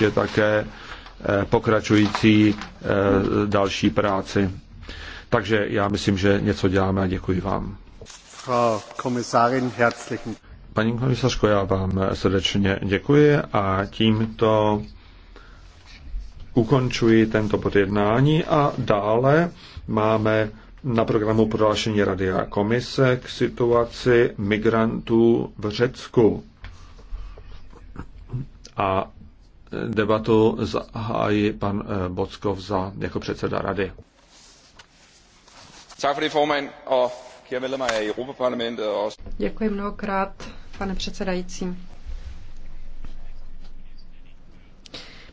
je také eh, pokračující eh, další práci. Takže já myslím, že něco děláme a děkuji vám. Paní komisařko, já vám srdečně děkuji a tímto ukončuji tento podjednání a dále máme na programu prohlášení Rady a komise k situaci migrantů v Řecku. A debatu zahájí pan eh, Bockov za, jako předseda rady. Děkuji mnohokrát, pane předsedající.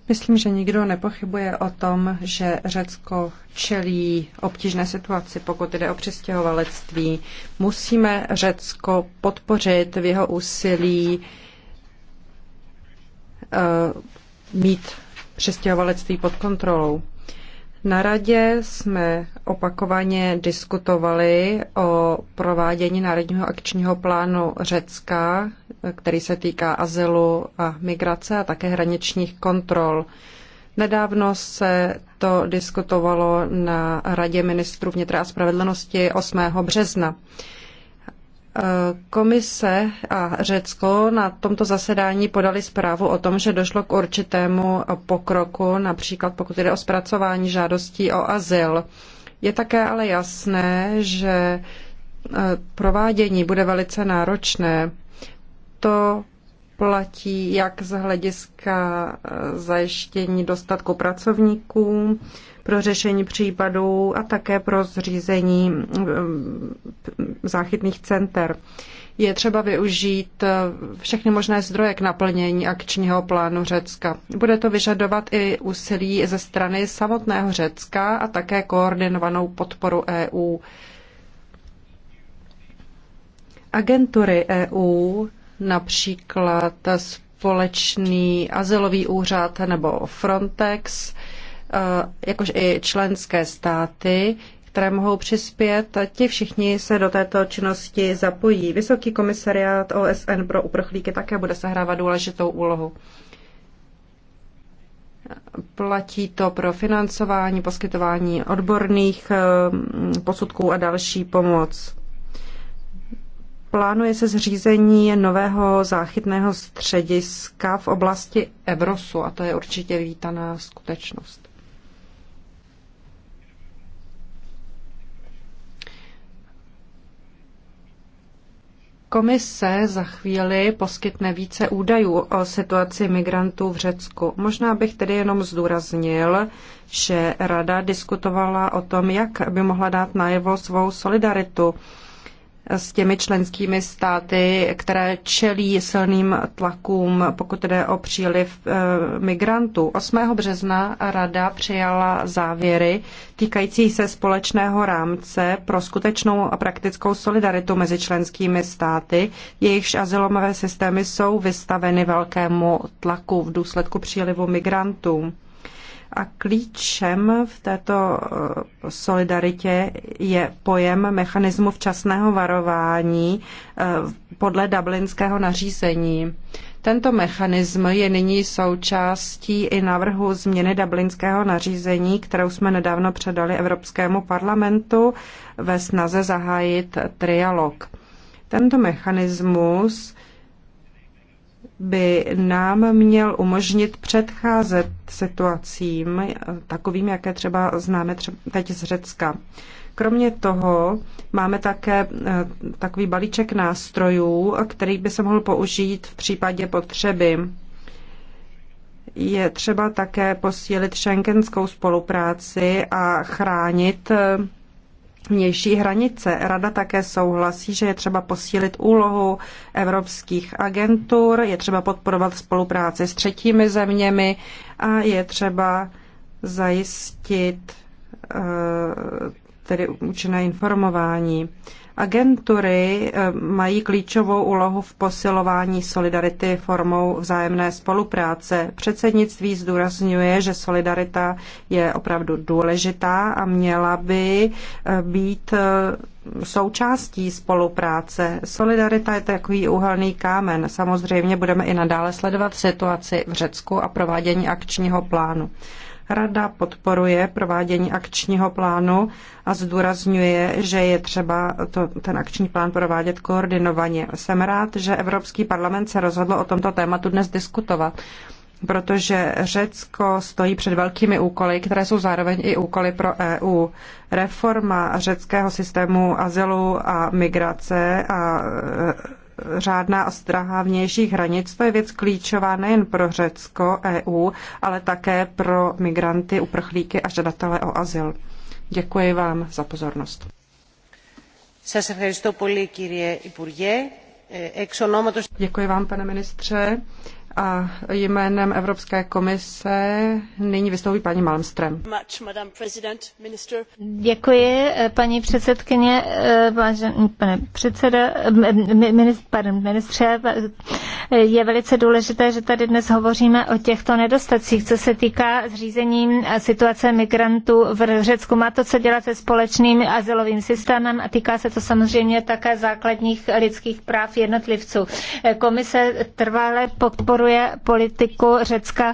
Myslím, že nikdo nepochybuje o tom, že Řecko čelí obtížné situaci, pokud jde o přistěhovalectví. Musíme Řecko podpořit v jeho úsilí eh, mít přestěhovalectví pod kontrolou. Na radě jsme opakovaně diskutovali o provádění Národního akčního plánu Řecka, který se týká azylu a migrace a také hraničních kontrol. Nedávno se to diskutovalo na Radě ministrů vnitra a spravedlnosti 8. března. Komise a Řecko na tomto zasedání podali zprávu o tom, že došlo k určitému pokroku, například pokud jde o zpracování žádostí o azyl. Je také ale jasné, že e, provádění bude velice náročné. To platí jak z hlediska e, zajištění dostatku pracovníků, pro řešení případů a také pro zřízení eh, záchytných center. Je třeba využít eh, všechny možné zdroje k naplnění akčního plánu Řecka. Bude to vyžadovat i úsilí ze strany samotného Řecka a také koordinovanou podporu EU. Agentury EU, například společný azylový úřad nebo Frontex, Eh, jakož i členské státy, které mohou přispět, ti všichni se do této činnosti zapojí. Vysoký komisariát OSN pro uprchlíky také bude sehrávat důležitou úlohu. Platí to pro financování, poskytování odborných eh, posudků a další pomoc. Plánuje se zřízení nového záchytného střediska v oblasti Evrosu a to je určitě vítaná skutečnost. Komise za chvíli poskytne více údajů o situaci migrantů v Řecku. Možná bych tedy jenom zdůraznil, že Rada diskutovala o tom, jak by mohla dát najevo svou solidaritu s těmi členskými státy, které čelí silným tlakům, pokud jde o příliv eh, migrantů. 8. března Rada přijala závěry týkající se společného rámce pro skutečnou a praktickou solidaritu mezi členskými státy, jejichž azylomové systémy jsou vystaveny velkému tlaku v důsledku přílivu migrantů. A klíčem v této eh, solidaritě je pojem mechanismu včasného varování eh, podle dublinského nařízení. Tento mechanism je nyní součástí i návrhu změny dublinského nařízení, kterou jsme nedávno předali Evropskému parlamentu ve snaze zahájit trialog. Tento mechanismus by nám měl umožnit předcházet situacím takovým, jaké třeba známe třeba teď z Řecka. Kromě toho máme také eh, takový balíček nástrojů, který by se mohl použít v případě potřeby. Je třeba také posílit šenkenskou spolupráci a chránit eh, vnější hranice. Rada také souhlasí, že je třeba posílit úlohu evropských agentur, je třeba podporovat spolupráci s třetími zeměmi a je třeba zajistit eh, tedy účinné informování. Agentury eh, mají klíčovou úlohu v posilování solidarity formou vzájemné spolupráce. Předsednictví zdůrazňuje, že solidarita je opravdu důležitá a měla by eh, být eh, součástí spolupráce. Solidarita je takový úhelný kámen. Samozřejmě budeme i nadále sledovat situaci v Řecku a provádění akčního plánu. Rada podporuje provádění akčního plánu a zdůrazňuje, že je třeba to, ten akční plán provádět koordinovaně. Jsem rád, že Evropský parlament se rozhodl o tomto tématu dnes diskutovat protože Řecko stojí před velkými úkoly, které jsou zároveň i úkoly pro EU. Reforma řeckého systému azylu a migrace a řádná ostraha vnějších hranic, to je věc klíčová nejen pro Řecko, EU, ale také pro migranty, uprchlíky a žadatele o azyl. Děkuji vám za pozornost. Děkuji vám, pane ministře. A jménem Evropské komise nyní vystoupí paní Malmström. Děkuji, eh, paní předsedkyně, eh, vážený pane předseda, eh, pardon, ministře. Je velice důležité, že tady dnes hovoříme o těchto nedostacích, co se týká zřízení situace migrantů v Řecku. Má to co dělat se společným asilovým systémem a týká se to samozřejmě také základních lidských práv jednotlivců. Komise trvale podporuje podporuje politiku Řecka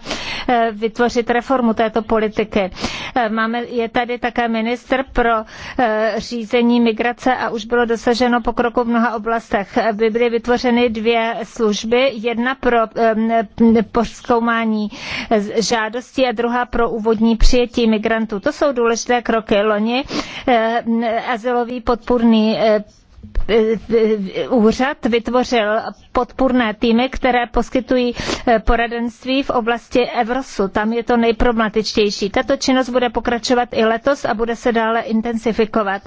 eh, vytvořit reformu této politiky. Eh, máme, je tady také minister pro eh, řízení migrace a už bylo dosaženo pokroku v mnoha oblastech. By byly vytvořeny dvě služby, jedna pro ehm, ehm, poskoumání žádostí a druhá pro úvodní přijetí migrantů. To jsou důležité kroky. Loni azylový podpůrný úřad vytvořil podpůrné týmy, které poskytují eh, poradenství v oblasti Evrosu. Tam je to nejproblematičtější. Tato činnost bude pokračovat i letos a bude se dále intenzifikovat.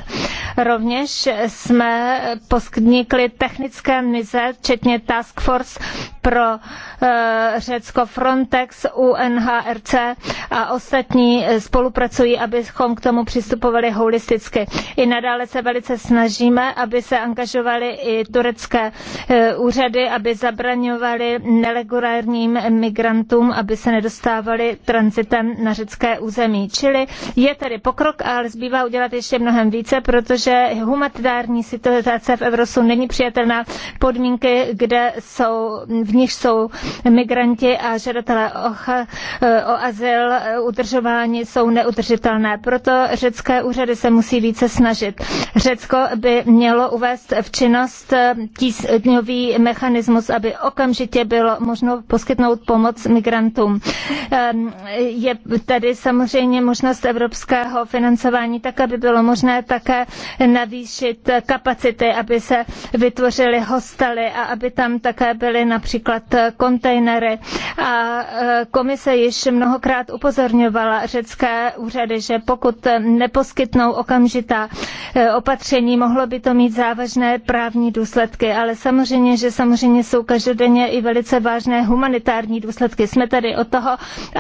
Rovněž jsme poskytnikli technické mize, včetně Task Force pro eh, Řecko Frontex, UNHRC a ostatní eh, spolupracují, abychom k tomu přistupovali holisticky. I nadále se velice snažíme, aby se angažovaly i turecké eh, úřady, aby zabraňovaly nelegálním migrantům, aby se nedostávali transitem na řecké území. Čili je tady pokrok, ale zbývá udělat ještě mnohem více, protože humanitární situace v Evrosu není přijatelná. Podmínky, kde jsou, v nich jsou migranti a žadatelé o, eh, o azyl eh, udržování jsou neudržitelné. Proto řecké úřady se musí více snažit. Řecko by mělo uvést v činnost eh, tísňový mechanismus, aby okamžitě bylo možno poskytnout pomoc migrantům. Eh, je tady samozřejmě možnost evropského financování tak, aby bylo možné také navýšit kapacity, aby se vytvořily hostely a aby tam také byly například kontejnery. A eh, komise již mnohokrát upozorňovala řecké úřady, že pokud neposkytnou okamžitá opatření, mohlo by to mít závažné právní důsledky, ale samozřejmě, že samozřejmě jsou každodenně i velice vážné humanitární důsledky. Jsme tady o toho,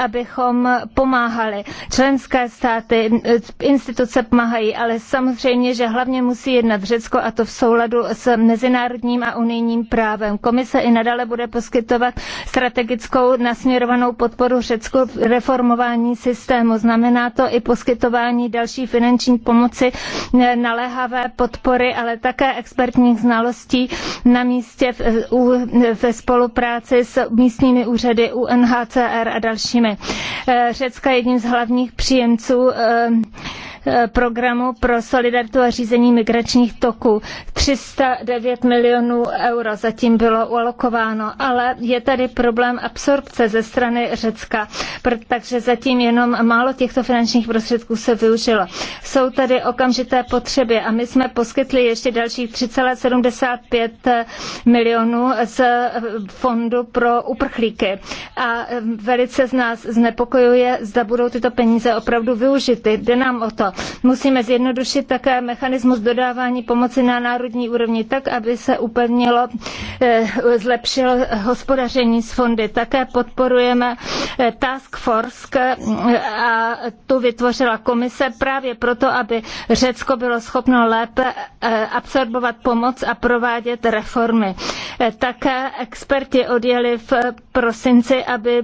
abychom pomáhali. Členské státy, eh, instituce pomáhají, ale samozřejmě, že hlavně musí jednat Řecko a to v souladu s mezinárodním a unijním právem. Komise i nadále bude poskytovat strategickou nasměrovanou podporu Řecku v reformování systému. Znamená to i poskytování další finanční pomoci, eh, naléhavé podpory, ale tak také expertních znalostí na místě ve spolupráci s místními úřady UNHCR a dalšími. Eh, Řecka je jedním z hlavních příjemců eh, Eh, programu pro solidaritu a řízení migračních toků. 309 milionů euro zatím bylo ulokováno, ale je tady problém absorpce ze strany Řecka, takže zatím jenom málo těchto finančních prostředků se využilo. Jsou tady okamžité potřeby a my jsme poskytli ještě dalších 3,75 eh, milionů z eh, fondu pro uprchlíky. A velice z nás znepokojuje, zda budou tyto peníze opravdu využity. Jde nám o to, Musíme zjednodušit také mechanismus dodávání pomoci na národní úrovni tak, aby se upevnilo, eh, zlepšilo hospodaření s fondy. Také podporujeme eh, Task Force eh, a tu vytvořila komise právě proto, aby Řecko bylo schopno lépe absorbovat pomoc a provádět reformy. Také experti odjeli v prosinci, aby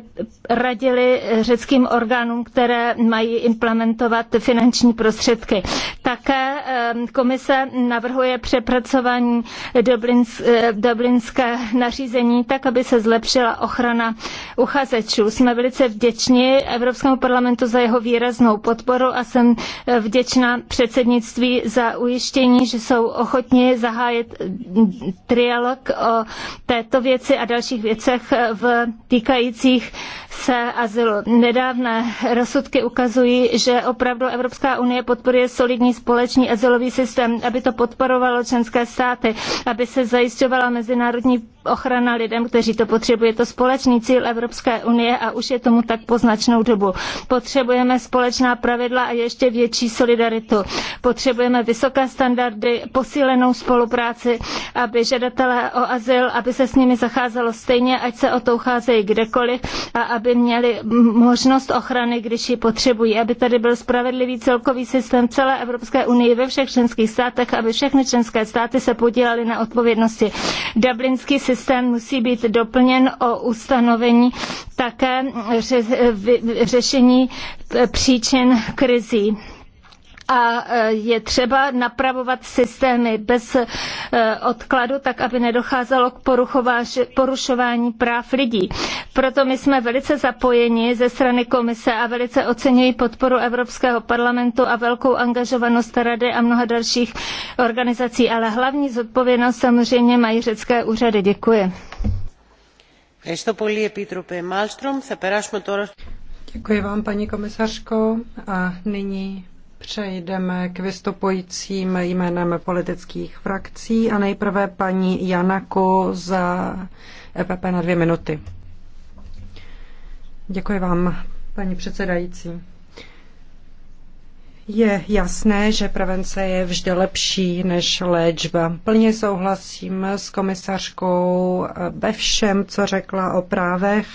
radili řeckým orgánům, které mají implementovat finanční prostředky. Také ehm, komise navrhuje přepracování eh, dublinské nařízení tak, aby se zlepšila ochrana uchazečů. Jsme velice vděční Evropskému parlamentu za jeho výraznou podporu a jsem eh, vděčná předsednictví za ujištění, že jsou ochotni zahájit mm, trialog o této věci a dalších věcech eh, v týkajících se azylu. Nedávné rozsudky ukazují, že opravdu Evropská unie unie podporuje solidní společný azylový systém, aby to podporovalo členské státy, aby se zajišťovala mezinárodní ochrana lidem, kteří to potřebují. Je to společný cíl Evropské unie a už je tomu tak po značnou dobu. Potřebujeme společná pravidla a ještě větší solidaritu. Potřebujeme vysoké standardy, posílenou spolupráci, aby žadatelé o azyl, aby se s nimi zacházelo stejně, ať se o to ucházejí kdekoliv a aby měli možnost ochrany, když ji potřebují. Aby tady byl spravedlivý celkový systém celé Evropské unii ve všech členských státech, aby všechny členské státy se podílely na odpovědnosti. Dublinský systém systém musí být doplněn o ustanovení také řešení příčin krizí a e, je třeba napravovat systémy bez e, odkladu, tak aby nedocházelo k porušování práv lidí. Proto my jsme velice zapojeni ze strany komise a velice oceňuji podporu Evropského parlamentu a velkou angažovanost Rady a mnoha dalších organizací, ale hlavní zodpovědnost samozřejmě mají řecké úřady. Děkuji. Děkuji vám, paní komisařko. A nyní Přejdeme k vystupujícím jménem politických frakcí a nejprve paní Janaku za EPP na dvě minuty. Děkuji vám, paní předsedající. Je jasné, že prevence je vždy lepší než léčba. Plně souhlasím s komisařkou eh, ve všem, co řekla o právech,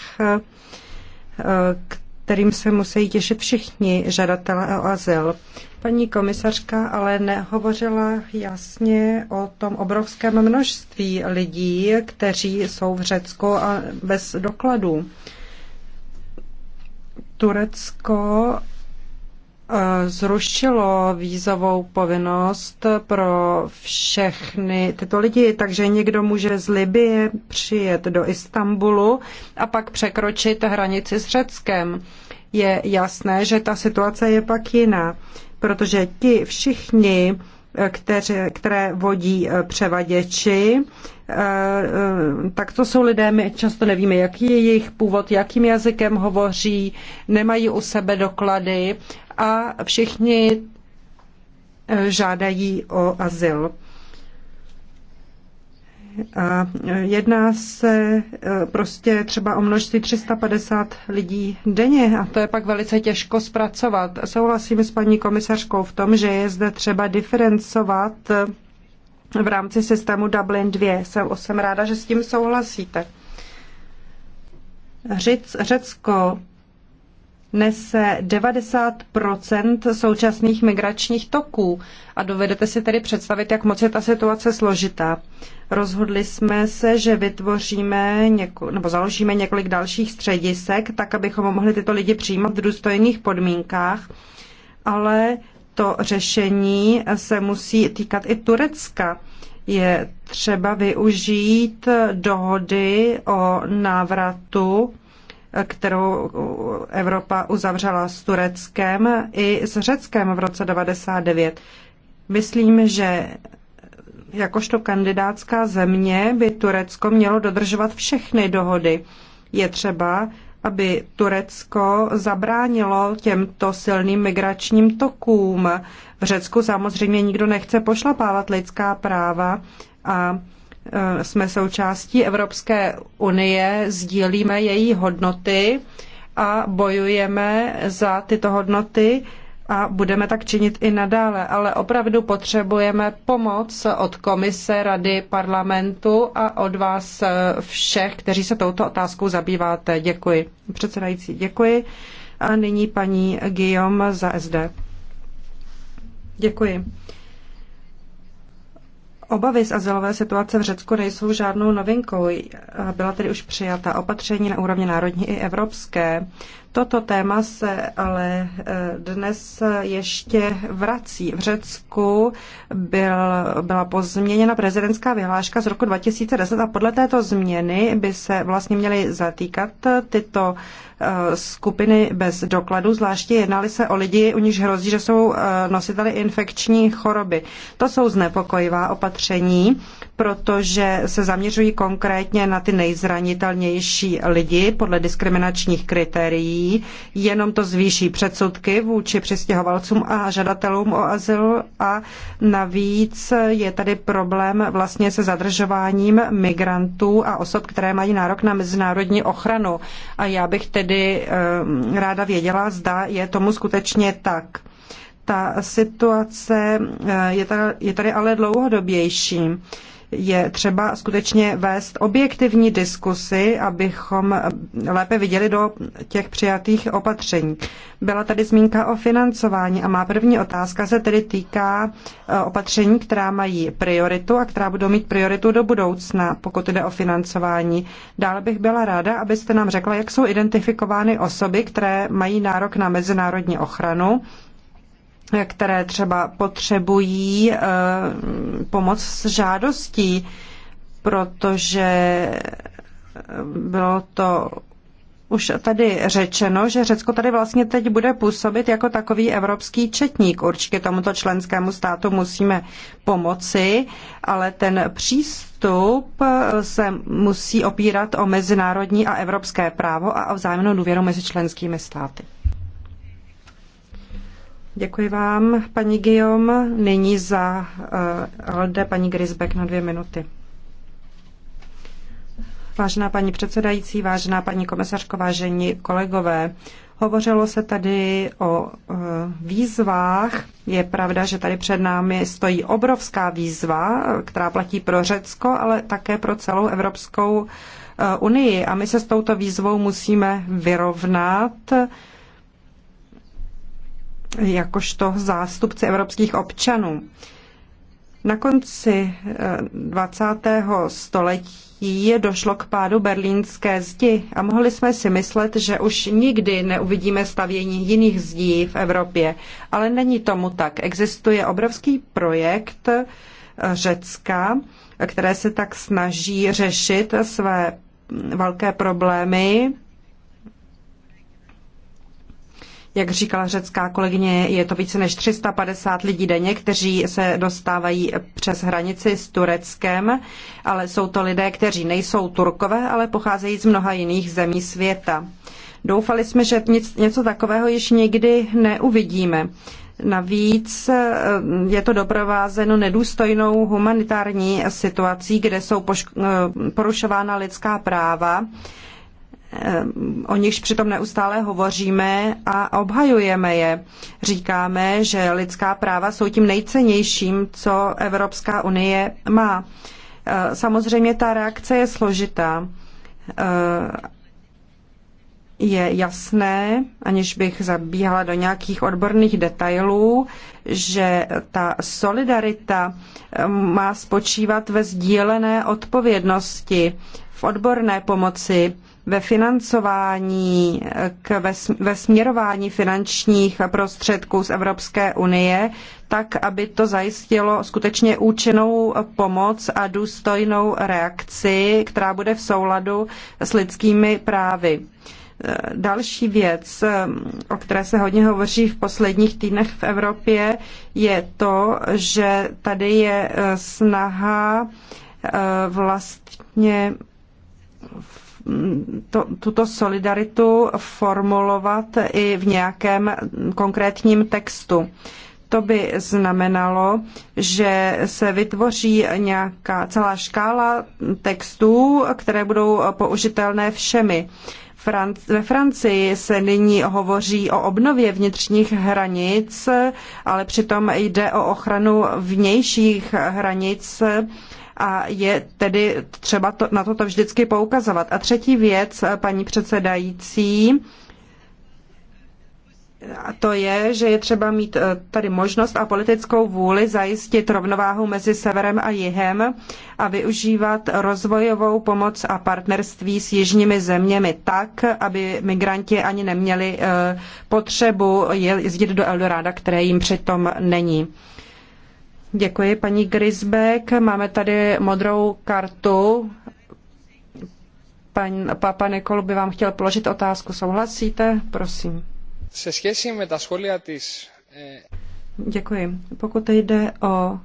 k eh, kterým se musí těšit všichni žadatelé o azyl. Paní komisařka ale nehovořila jasně o tom obrovském množství lidí, kteří jsou v Řecku a bez dokladů. Turecko zrušilo vízovou povinnost pro všechny tyto lidi, takže někdo může z Libie přijet do Istanbulu a pak překročit hranici s Řeckem. Je jasné, že ta situace je pak jiná, protože ti všichni které, které vodí eh, převaděči. Eh, eh, tak to jsou lidé, my často nevíme, jaký je jejich původ, jakým jazykem hovoří, nemají u sebe doklady a všichni žádají o azyl. A jedná se e, prostě třeba o množství 350 lidí denně a to je pak velice těžko zpracovat. Souhlasím s paní komisařkou v tom, že je zde třeba diferencovat e, v rámci systému Dublin 2. Jsem, jsem ráda, že s tím souhlasíte. Řecko nese 90 současných migračních toků. A dovedete si tedy představit, jak moc je ta situace složitá. Rozhodli jsme se, že vytvoříme něko, nebo založíme několik dalších středisek, tak abychom mohli tyto lidi přijímat v důstojných podmínkách, ale to řešení se musí týkat i Turecka. Je třeba využít dohody o návratu kterou Evropa uzavřela s Tureckem i s Řeckem v roce 99. Myslím, že jakožto kandidátská země by Turecko mělo dodržovat všechny dohody. Je třeba, aby Turecko zabránilo těmto silným migračním tokům. V Řecku samozřejmě nikdo nechce pošlapávat lidská práva a Eh, jsme součástí Evropské unie, sdílíme její hodnoty a bojujeme za tyto hodnoty a budeme tak činit i nadále, ale opravdu potřebujeme pomoc od komise, rady, parlamentu a od vás eh, všech, kteří se touto otázkou zabýváte. Děkuji. Předsedající, děkuji. A nyní paní Guillaume za SD. Děkuji. Obavy z azylové situace v Řecku nejsou žádnou novinkou. Byla tedy už přijata opatření na úrovni národní i evropské. Toto téma se ale eh, dnes ještě vrací. V Řecku byl, byla pozměněna prezidentská vyhláška z roku 2010 a podle této změny by se vlastně měly zatýkat tyto eh, skupiny bez dokladu, zvláště jednali se o lidi, u nichž hrozí, že jsou eh, nositeli infekční choroby. To jsou znepokojivá opatření, protože se zaměřují konkrétně na ty nejzranitelnější lidi podle diskriminačních kritérií lidí, jenom to zvýší předsudky vůči přistěhovalcům a žadatelům o azyl a navíc je tady problém vlastně se zadržováním migrantů a osob, které mají nárok na mezinárodní ochranu. A já bych tedy eh, ráda věděla, zda je tomu skutečně tak. Ta situace eh, je tady, je tady ale dlouhodobější je třeba skutečně vést objektivní diskusy, abychom lépe viděli do těch přijatých opatření. Byla tady zmínka o financování a má první otázka se tedy týká e, opatření, která mají prioritu a která budou mít prioritu do budoucna, pokud jde o financování. Dále bych byla ráda, abyste nám řekla, jak jsou identifikovány osoby, které mají nárok na mezinárodní ochranu které třeba potřebují eh, pomoc s žádostí, protože eh, bylo to už tady řečeno, že Řecko tady vlastně teď bude působit jako takový evropský četník. Určitě tomuto členskému státu musíme pomoci, ale ten přístup eh, se musí opírat o mezinárodní a evropské právo a o vzájemnou důvěru mezi členskými státy. Děkuji vám, paní Guillaume. Nyní za uh, eh, LD paní Grisbeck na dvě minuty. Vážená paní předsedající, vážená paní komisařko, vážení kolegové, hovořilo se tady o uh, výzvách. Je pravda, že tady před námi stojí obrovská výzva, která platí pro Řecko, ale také pro celou Evropskou uh, unii. A my se s touto výzvou musíme vyrovnat. Uh, jakožto zástupci evropských občanů. Na konci 20. Eh, století došlo k pádu berlínské zdi a mohli jsme si myslet, že už nikdy neuvidíme stavění jiných zdí v Evropě. Ale není tomu tak. Existuje obrovský projekt eh, Řecka, které se tak snaží řešit své mm, velké problémy jak říkala řecká kolegyně, je to více než 350 lidí denně, kteří se dostávají přes hranici s Tureckem, ale jsou to lidé, kteří nejsou Turkové, ale pocházejí z mnoha jiných zemí světa. Doufali jsme, že nic, něco takového již nikdy neuvidíme. Navíc eh, je to doprovázeno nedůstojnou humanitární situací, kde jsou eh, porušována lidská práva o nichž přitom neustále hovoříme a obhajujeme je. Říkáme, že lidská práva jsou tím nejcennějším, co Evropská unie má. E, samozřejmě ta reakce je složitá. E, je jasné, aniž bych zabíhala do nějakých odborných detailů, že ta solidarita e, má spočívat ve sdílené odpovědnosti, v odborné pomoci, ve financování, k ve, ve směrování finančních prostředků z Evropské unie, tak, aby to zajistilo skutečně účinnou pomoc a důstojnou reakci, která bude v souladu s lidskými právy. Další věc, o které se hodně hovoří v posledních týdnech v Evropě, je to, že tady je snaha eh, vlastně to, tuto solidaritu formulovat i v nějakém konkrétním textu. To by znamenalo, že se vytvoří nějaká celá škála textů, které budou použitelné všemi. Ve Francii se nyní hovoří o obnově vnitřních hranic, ale přitom jde o ochranu vnějších hranic a je tedy třeba to, na toto vždycky poukazovat. A třetí věc, paní předsedající, to je, že je třeba mít eh, tady možnost a politickou vůli zajistit rovnováhu mezi severem a jihem a využívat rozvojovou pomoc a partnerství s jižními zeměmi tak, aby migranti ani neměli eh, potřebu jezdit do Eldoráda, které jim přitom není. Děkuji, paní Grisbeck. Máme tady modrou kartu. Pan Papa Nikol by vám chtěl položit otázku. Souhlasíte? Prosím. Se schěsí me ta scholia tis... Eh. Děkuji. Pokud jde o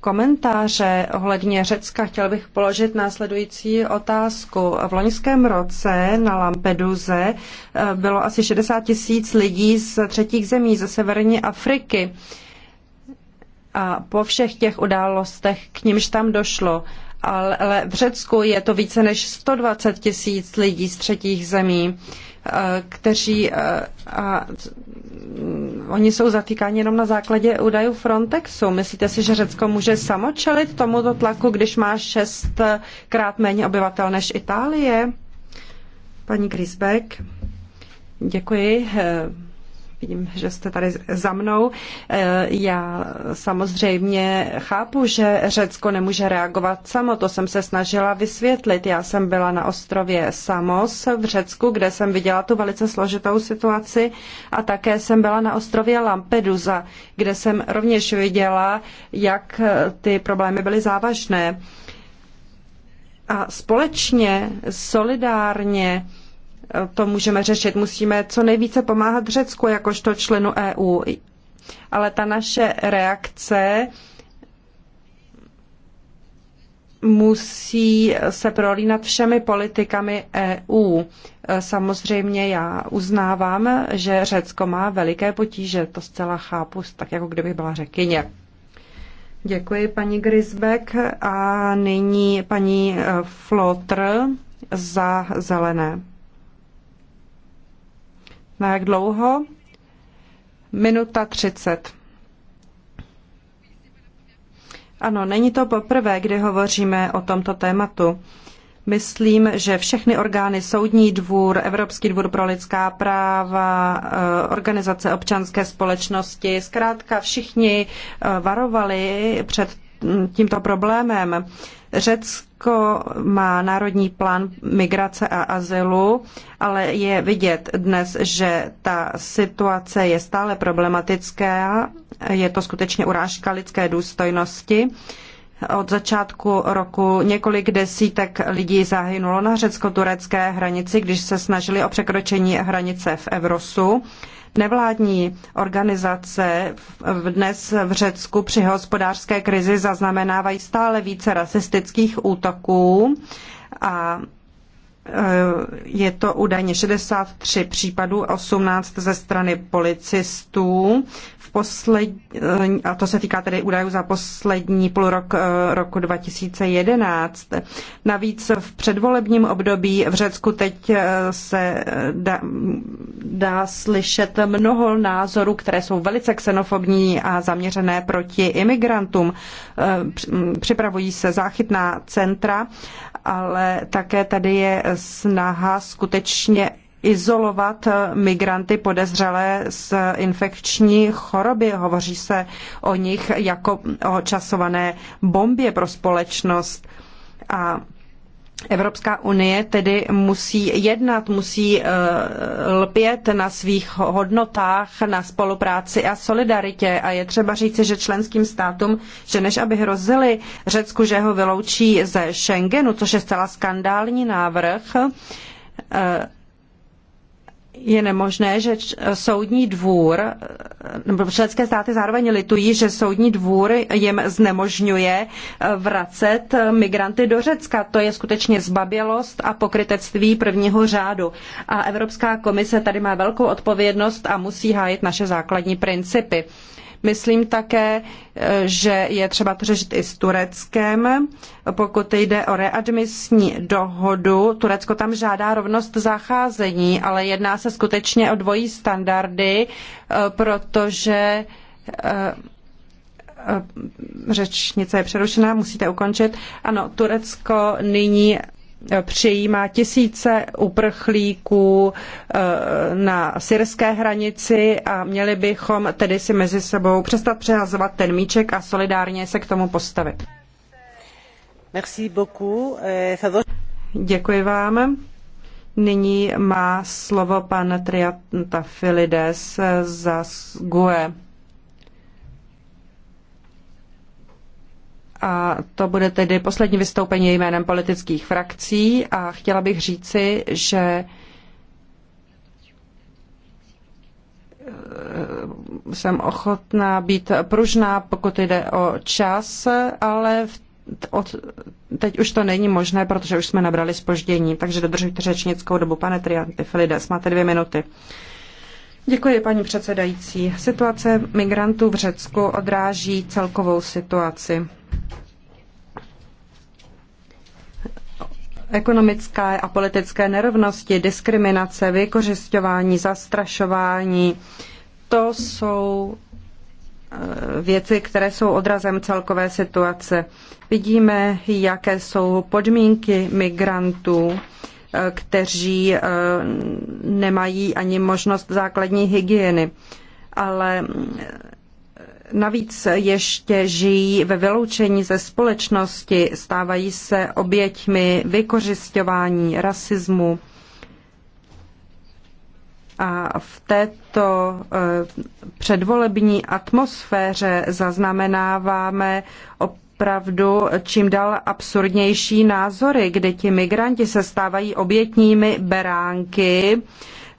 komentáře ohledně Řecka, chtěl bych položit následující otázku. V loňském roce na Lampeduze eh, bylo asi 60 tisíc lidí z třetích zemí ze severní Afriky a po všech těch událostech, k nimž tam došlo, ale v Řecku je to více než 120 tisíc lidí z třetích zemí, eh, kteří eh, a, a, mm, oni jsou zatýkáni jenom na základě údajů Frontexu. Myslíte si, že Řecko může samo čelit tomuto tlaku, když má šestkrát méně obyvatel než Itálie? Paní Grisbeck, děkuji. Eh, Vidím, že jste tady za mnou. Eh, já samozřejmě chápu, že Řecko nemůže reagovat samo, to jsem se snažila vysvětlit. Já jsem byla na ostrově Samos v Řecku, kde jsem viděla tu velice složitou situaci a také jsem byla na ostrově Lampedusa, kde jsem rovněž viděla, jak eh, ty problémy byly závažné. A společně, solidárně, to můžeme řešit. Musíme co nejvíce pomáhat Řecku jakožto členu EU. Ale ta naše reakce musí se prolínat všemi politikami EU. Samozřejmě já uznávám, že Řecko má veliké potíže, to zcela chápu, tak jako kdyby byla řekyně. Děkuji paní Grisbeck a nyní paní eh, Flotr za zelené na jak dlouho? Minuta třicet. Ano, není to poprvé, kdy hovoříme o tomto tématu. Myslím, že všechny orgány, Soudní dvůr, Evropský dvůr pro lidská práva, eh, organizace občanské společnosti, zkrátka všichni eh, varovali před mm, tímto problémem. Řecko má národní plán migrace a azylu, ale je vidět dnes, že ta situace je stále problematická. Je to skutečně urážka lidské důstojnosti. Od začátku roku několik desítek lidí zahynulo na řecko-turecké hranici, když se snažili o překročení hranice v Evrosu. Nevládní organizace dnes v Řecku při hospodářské krizi zaznamenávají stále více rasistických útoků a je to údajně 63 případů, 18 ze strany policistů. V poslední, a to se týká tedy údajů za poslední půl rok eh, roku 2011. Navíc v předvolebním období v Řecku teď eh, se eh, dá, dá slyšet mnoho názorů, které jsou velice xenofobní a zaměřené proti imigrantům. Připravují se záchytná centra, ale také tady je snaha skutečně izolovat migranty podezřelé z infekční choroby. Hovoří se o nich jako o časované bombě pro společnost. A Evropská unie tedy musí jednat, musí eh, lpět na svých hodnotách, na spolupráci a solidaritě. A je třeba říci, že členským státům, že než aby hrozili Řecku, že ho vyloučí ze Schengenu, což je zcela skandální návrh, eh, je nemožné, že soudní dvůr, nebo členské státy zároveň litují, že soudní dvůr jim znemožňuje eh, vracet eh, migranty do Řecka. To je skutečně zbabělost a pokrytectví prvního řádu. A Evropská komise tady má velkou odpovědnost a musí hájit naše základní principy. Myslím také, eh, že je třeba to řešit i s Tureckem. Pokud jde o readmisní dohodu, Turecko tam žádá rovnost zacházení, ale jedná se skutečně o dvojí standardy, eh, protože eh, řečnice je přerušená, musíte ukončit. Ano, Turecko nyní přijímá tisíce uprchlíků eh, na syrské hranici a měli bychom tedy si mezi sebou přestat přehazovat ten míček a solidárně se k tomu postavit. Eh, Děkuji vám. Nyní má slovo pan Triantafilides za GUE. a to bude tedy poslední vystoupení jménem politických frakcí a chtěla bych říci, že eh, jsem ochotná být pružná, pokud jde o čas, ale od, teď už to není možné, protože už jsme nabrali spoždění, takže dodržujte řečnickou dobu. Pane Triantifilides, máte dvě minuty. Děkuji, paní předsedající. Situace migrantů v Řecku odráží celkovou situaci. ekonomické a politické nerovnosti, diskriminace, vykořišťování, zastrašování, to jsou eh, věci, které jsou odrazem celkové situace. Vidíme, jaké jsou podmínky migrantů, eh, kteří eh, nemají ani možnost základní hygieny. Ale mm, Navíc ještě žijí ve vyloučení ze společnosti, stávají se oběťmi vykořišťování, rasismu. A v této eh, předvolební atmosféře zaznamenáváme opravdu čím dál absurdnější názory, kdy ti migranti se stávají obětními beránky,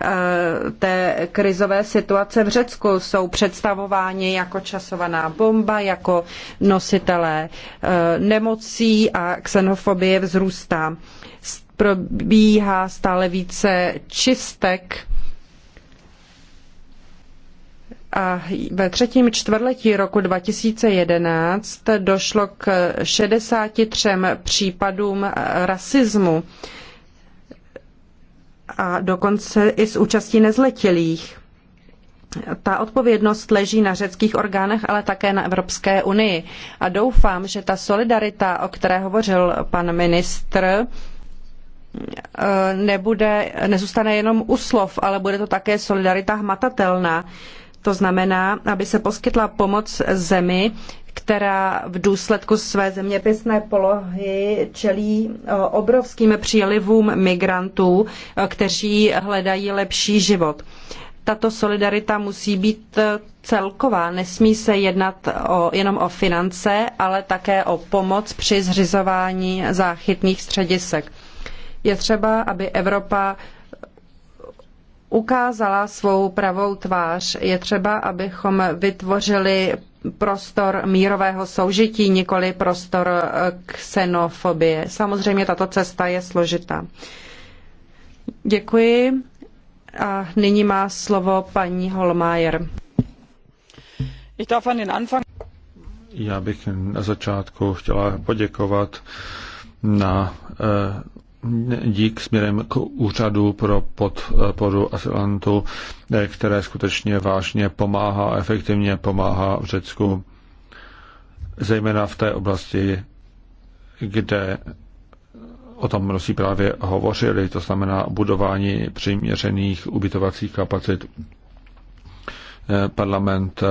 Eh, té krizové situace v Řecku. Jsou představováni jako časovaná bomba, jako nositelé eh, nemocí a xenofobie vzrůstá. Probíhá stále více čistek a ve třetím čtvrtletí roku 2011 došlo k 63 případům rasismu a dokonce i s účastí nezletilých. Ta odpovědnost leží na řeckých orgánech, ale také na Evropské unii. A doufám, že ta solidarita, o které hovořil pan ministr, eh, nebude, nezůstane jenom u slov, ale bude to také solidarita hmatatelná. To znamená, aby se poskytla pomoc zemi, která v důsledku své zeměpisné polohy čelí e, obrovským přílivům migrantů, e, kteří hledají lepší život. Tato solidarita musí být e, celková. Nesmí se jednat o, jenom o finance, ale také o pomoc při zřizování záchytných středisek. Je třeba, aby Evropa ukázala svou pravou tvář. Je třeba, abychom vytvořili prostor mírového soužití, nikoli prostor ksenofobie. Eh, Samozřejmě tato cesta je složitá. Děkuji. A nyní má slovo paní Holmájer. Já bych na začátku chtěla poděkovat na eh, dík směrem k úřadu pro podporu eh, asilantů, eh, které skutečně vážně pomáhá, efektivně pomáhá v Řecku, zejména v té oblasti, kde o tom mnozí právě hovořili, to znamená budování přiměřených ubytovacích kapacit. Eh, parlament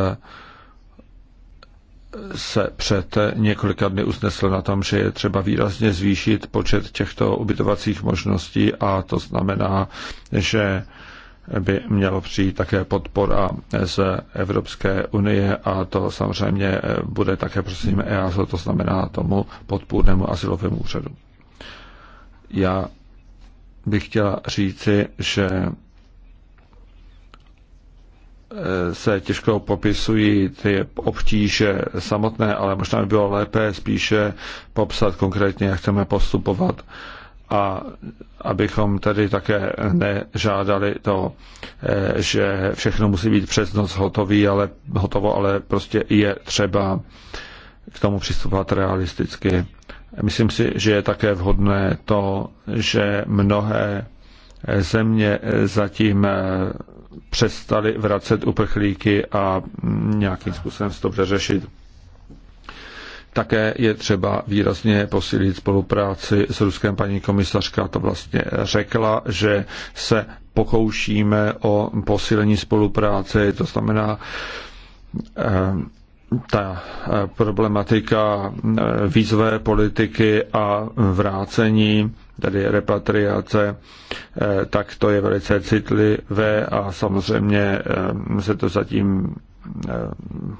se před několika dny usnesl na tom, že je třeba výrazně zvýšit počet těchto ubytovacích možností a to znamená, že by mělo přijít také podpora z Evropské unie a to samozřejmě bude také prosím EASO, to znamená tomu podpůrnému asilovému úřadu. Já bych chtěla říci, že Eh, se těžko popisují ty obtíže samotné, ale možná by bylo lépe spíše popsat konkrétně, jak chceme postupovat a abychom tady také nežádali to, eh, že všechno musí být přes noc hotový, ale, hotovo, ale prostě je třeba k tomu přistupovat realisticky. Myslím si, že je také vhodné to, že mnohé země zatím eh, přestali vracet uprchlíky a nějakým způsobem to řešit. Také je třeba výrazně posílit spolupráci s Ruskem. Paní komisařka to vlastně řekla, že se pokoušíme o posílení spolupráce, to znamená eh, ta eh, problematika eh, výzvé politiky a vrácení tedy repatriace, eh, tak to je velice citlivé a samozřejmě eh, se to zatím eh,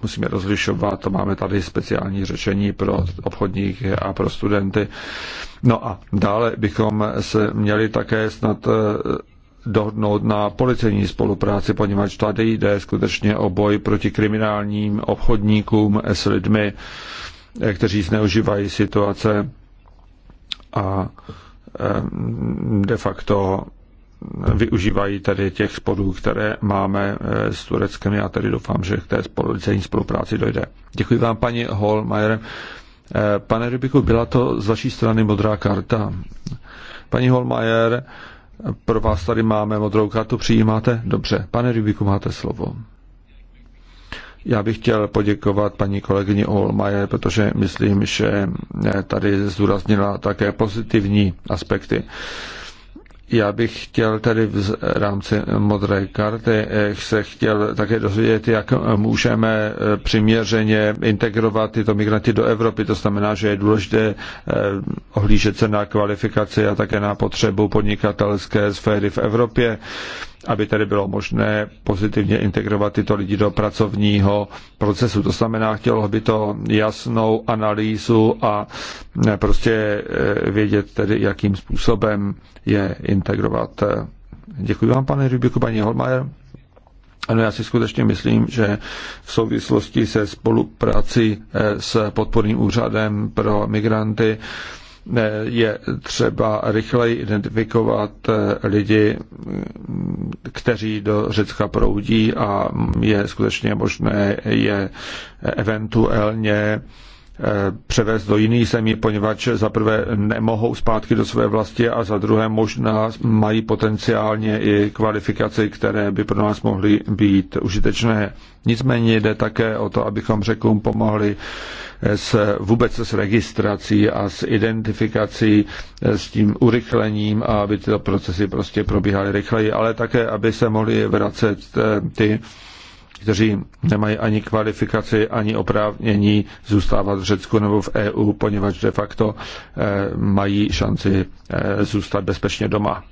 musíme rozlišovat. To Máme tady speciální řešení pro obchodníky a pro studenty. No a dále bychom se měli také snad dohodnout na policejní spolupráci, poněvadž tady jde skutečně o boj proti kriminálním obchodníkům s lidmi, kteří zneužívají situace a Ehm, de facto využívají tady těch sporů, které máme eh, s Tureckem. Já tady doufám, že k té policejní spolupráci dojde. Děkuji vám, paní Holmajer. Eh, pane Rybiku, byla to z vaší strany modrá karta. Paní Holmajer, pro vás tady máme modrou kartu, přijímáte? Dobře. Pane Rybiku, máte slovo. Já bych chtěl poděkovat paní kolegyni Olmaje, protože myslím, že eh, tady zdůraznila také pozitivní aspekty. Já bych chtěl tady v rámci modré karty eh, se chtěl také dozvědět, jak můžeme eh, přiměřeně integrovat tyto migranty do Evropy. To znamená, že je důležité ohlížet se na kvalifikaci a také na potřebu podnikatelské sféry v Evropě aby tady bylo možné pozitivně integrovat tyto lidi do pracovního procesu. To znamená, chtělo by to jasnou analýzu a e, prostě e, vědět tedy, jakým způsobem je integrovat. Děkuji vám, pane Rybiku, paní Holmajer. Ano, já si skutečně myslím, že v souvislosti se spolupráci e, s podporným úřadem pro migranty je třeba rychleji identifikovat eh, lidi, mm, kteří do Řecka proudí a je skutečně možné je eventuálně Eh, převést do jiných zemí, poněvadž za prvé nemohou zpátky do své vlasti a za druhé možná mají potenciálně i kvalifikaci, které by pro nás mohly být užitečné. Nicméně jde také o to, abychom řekům pomohli s, vůbec s registrací a s identifikací, eh, s tím urychlením a aby tyto procesy prostě probíhaly rychleji, ale také, aby se mohly vracet eh, ty kteří nemají ani kvalifikaci, ani oprávnění zůstávat v Řecku nebo v EU, poněvadž de facto eh, mají šanci eh, zůstat bezpečně doma.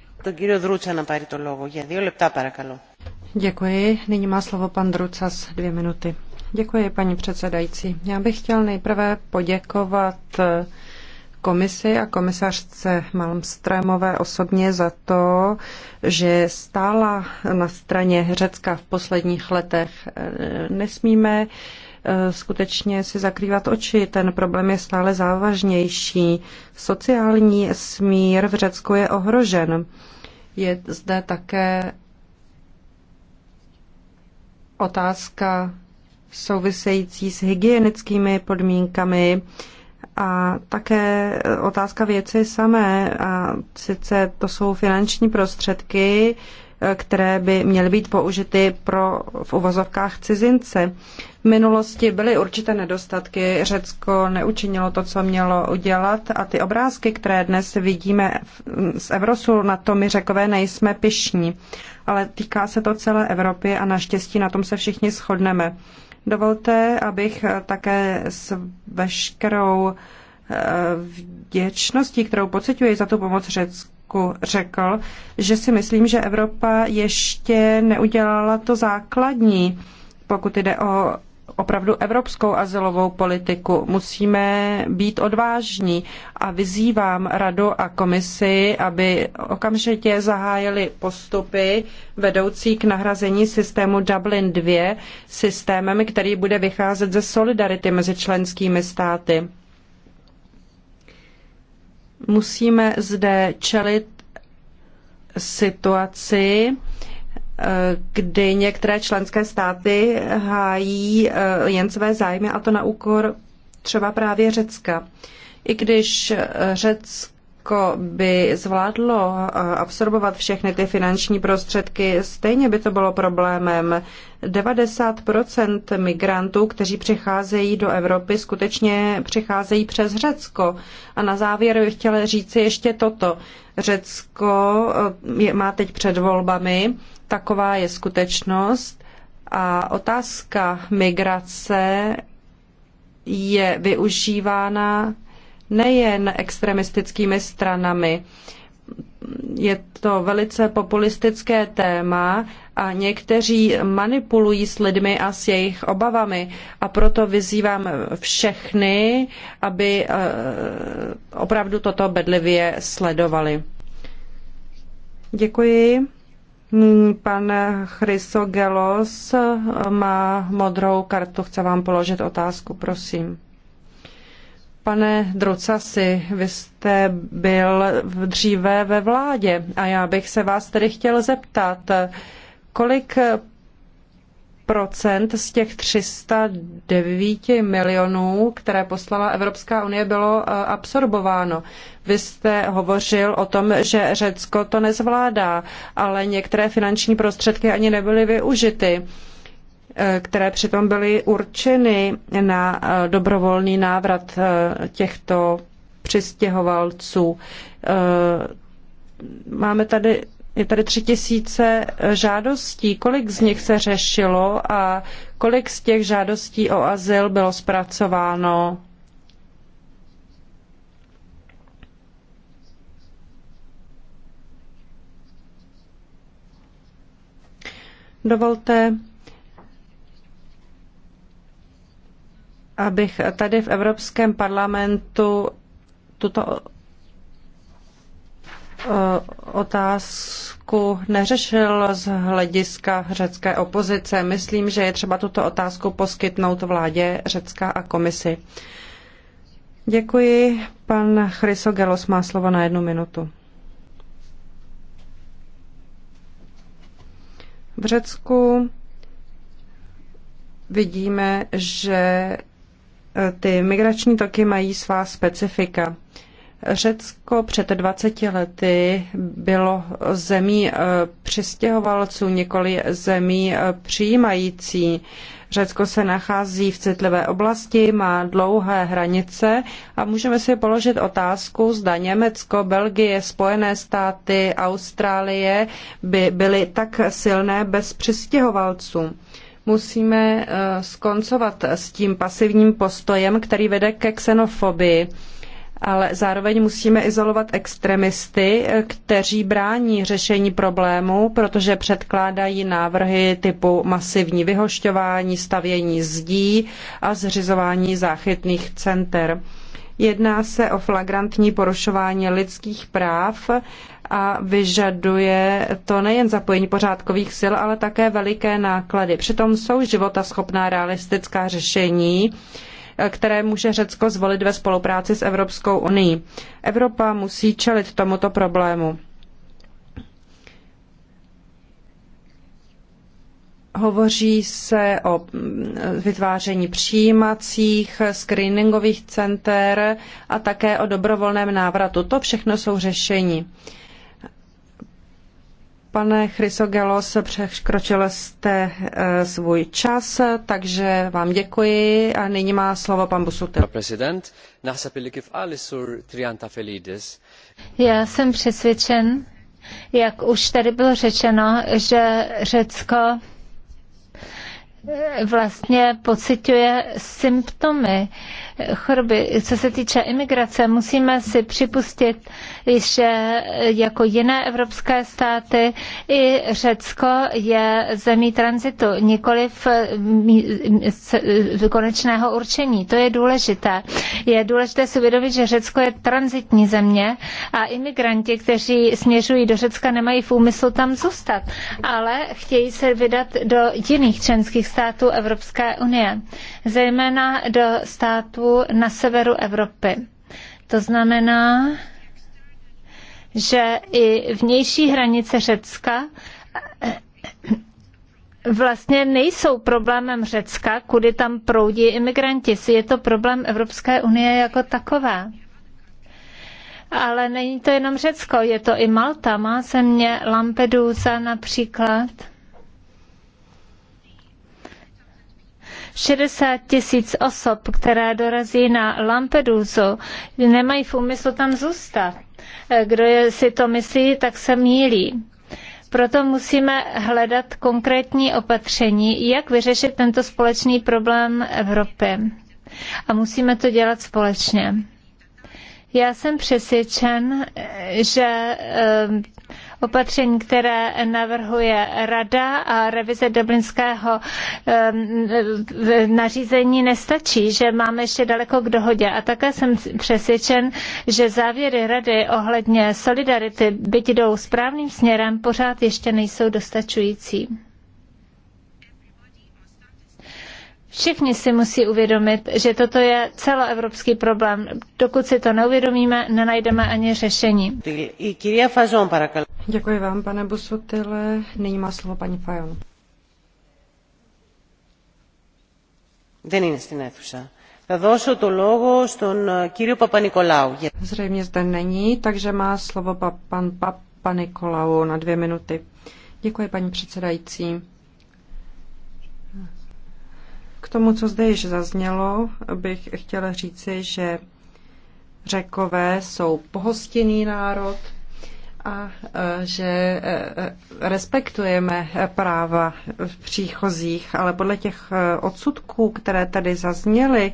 Děkuji. Nyní má slovo pan Drucas dvě minuty. Děkuji, paní předsedající. Já bych chtěl nejprve poděkovat eh, komisi a komisařce Malmströmové osobně za to, že stála na straně Řecka v posledních letech. Nesmíme eh, skutečně si zakrývat oči. Ten problém je stále závažnější. Sociální smír v Řecku je ohrožen. Je zde také otázka související s hygienickými podmínkami a také e, otázka věci samé, a sice to jsou finanční prostředky, e, které by měly být použity pro v uvozovkách cizince. V minulosti byly určité nedostatky, Řecko neučinilo to, co mělo udělat a ty obrázky, které dnes vidíme z Evrosu na to my řekové nejsme pišní, ale týká se to celé Evropy a naštěstí na tom se všichni shodneme. Dovolte, abych také s veškerou eh, vděčností, kterou pociťuji za tu pomoc Řecku, řekl, že si myslím, že Evropa ještě neudělala to základní, pokud jde o opravdu evropskou azylovou politiku. Musíme být odvážní a vyzývám radu a komisi, aby okamžitě zahájili postupy vedoucí k nahrazení systému Dublin 2 systémem, který bude vycházet ze solidarity mezi členskými státy. Musíme zde čelit situaci, kdy některé členské státy hájí eh, jen své zájmy a to na úkor třeba právě Řecka. I když Řecko by zvládlo eh, absorbovat všechny ty finanční prostředky, stejně by to bylo problémem. 90 migrantů, kteří přicházejí do Evropy, skutečně přicházejí přes Řecko. A na závěr bych chtěla říci ještě toto. Řecko eh, má teď před volbami Taková je skutečnost a otázka migrace je využívána nejen extremistickými stranami. Je to velice populistické téma a někteří manipulují s lidmi a s jejich obavami. A proto vyzývám všechny, aby eh, opravdu toto bedlivě sledovali. Děkuji. Nyní pan Chrysogelos má modrou kartu. Chce vám položit otázku, prosím. Pane Drucasi, vy jste byl dříve ve vládě a já bych se vás tedy chtěl zeptat, kolik procent z těch 309 milionů, které poslala Evropská unie, bylo eh, absorbováno. Vy jste hovořil o tom, že Řecko to nezvládá, ale některé finanční prostředky ani nebyly využity eh, které přitom byly určeny na eh, dobrovolný návrat těchto přistěhovalců. Máme tady je tady tři tisíce eh, žádostí. Kolik z nich se řešilo a kolik z těch žádostí o azyl bylo zpracováno? Dovolte, abych tady v Evropském parlamentu tuto eh, otázku otázku neřešil z hlediska řecké opozice. Myslím, že je třeba tuto otázku poskytnout vládě Řecka a komisi. Děkuji. Pan Chrysogelos má slovo na jednu minutu. V Řecku vidíme, že ty migrační toky mají svá specifika. Řecko před 20 lety bylo zemí eh, přistěhovalců, nikoli zemí eh, přijímající. Řecko se nachází v citlivé oblasti, má dlouhé hranice a můžeme si položit otázku, zda Německo, Belgie, Spojené státy, Austrálie by byly tak silné bez přistěhovalců musíme eh, skoncovat s tím pasivním postojem, který vede ke xenofobii ale zároveň musíme izolovat extremisty, eh, kteří brání řešení problému, protože předkládají návrhy typu masivní vyhošťování, stavění zdí a zřizování záchytných center. Jedná se o flagrantní porušování lidských práv a vyžaduje to nejen zapojení pořádkových sil, ale také veliké náklady. Přitom jsou života schopná realistická řešení, které může Řecko zvolit ve spolupráci s Evropskou unii. Evropa musí čelit tomuto problému. Hovoří se o vytváření přijímacích, screeningových center a také o dobrovolném návratu. To všechno jsou řešení. Pane Chrysogelos, překročil jste eh, svůj čas, takže vám děkuji a nyní má slovo pan Busutil. Já jsem přesvědčen, jak už tady bylo řečeno, že Řecko eh, vlastně pociťuje symptomy choroby. Co se týče imigrace, musíme si připustit, že jako jiné evropské státy i Řecko je zemí tranzitu, nikoli v konečného určení. To je důležité. Je důležité si uvědomit, že Řecko je transitní země a imigranti, kteří směřují do Řecka, nemají v úmyslu tam zůstat, ale chtějí se vydat do jiných členských států Evropské unie, zejména do států na severu Evropy. To znamená, že i vnější hranice Řecka eh, vlastně nejsou problémem Řecka, kudy tam proudí imigranti. Je to problém Evropské unie jako takové. Ale není to jenom Řecko, je to i Malta, má země Lampedusa například. 60 tisíc osob, které dorazí na Lampedusu, nemají v úmyslu tam zůstat. Kdo je, si to myslí, tak se mílí. Proto musíme hledat konkrétní opatření, jak vyřešit tento společný problém Evropy. A musíme to dělat společně. Já jsem přesvědčen, že opatření, které navrhuje Rada a revize dublinského nařízení nestačí, že máme ještě daleko k dohodě. A také jsem přesvědčen, že závěry Rady ohledně solidarity, byť jdou správným směrem, pořád ještě nejsou dostačující. Všichni si musí uvědomit, že toto je celoevropský problém. Dokud si to neuvědomíme, nenajdeme ani řešení. Děkuji vám, pane Busutile. Nyní má slovo paní Fajon. Zřejmě zde není, takže má slovo pan Papa Nikolaou na dvě minuty. Děkuji, paní předsedající. K tomu, co zde již zaznělo, bych chtěla říci, že Řekové jsou pohostinný národ a e, že e, e, respektujeme práva v příchozích, ale podle těch odsudků, které tady zazněly,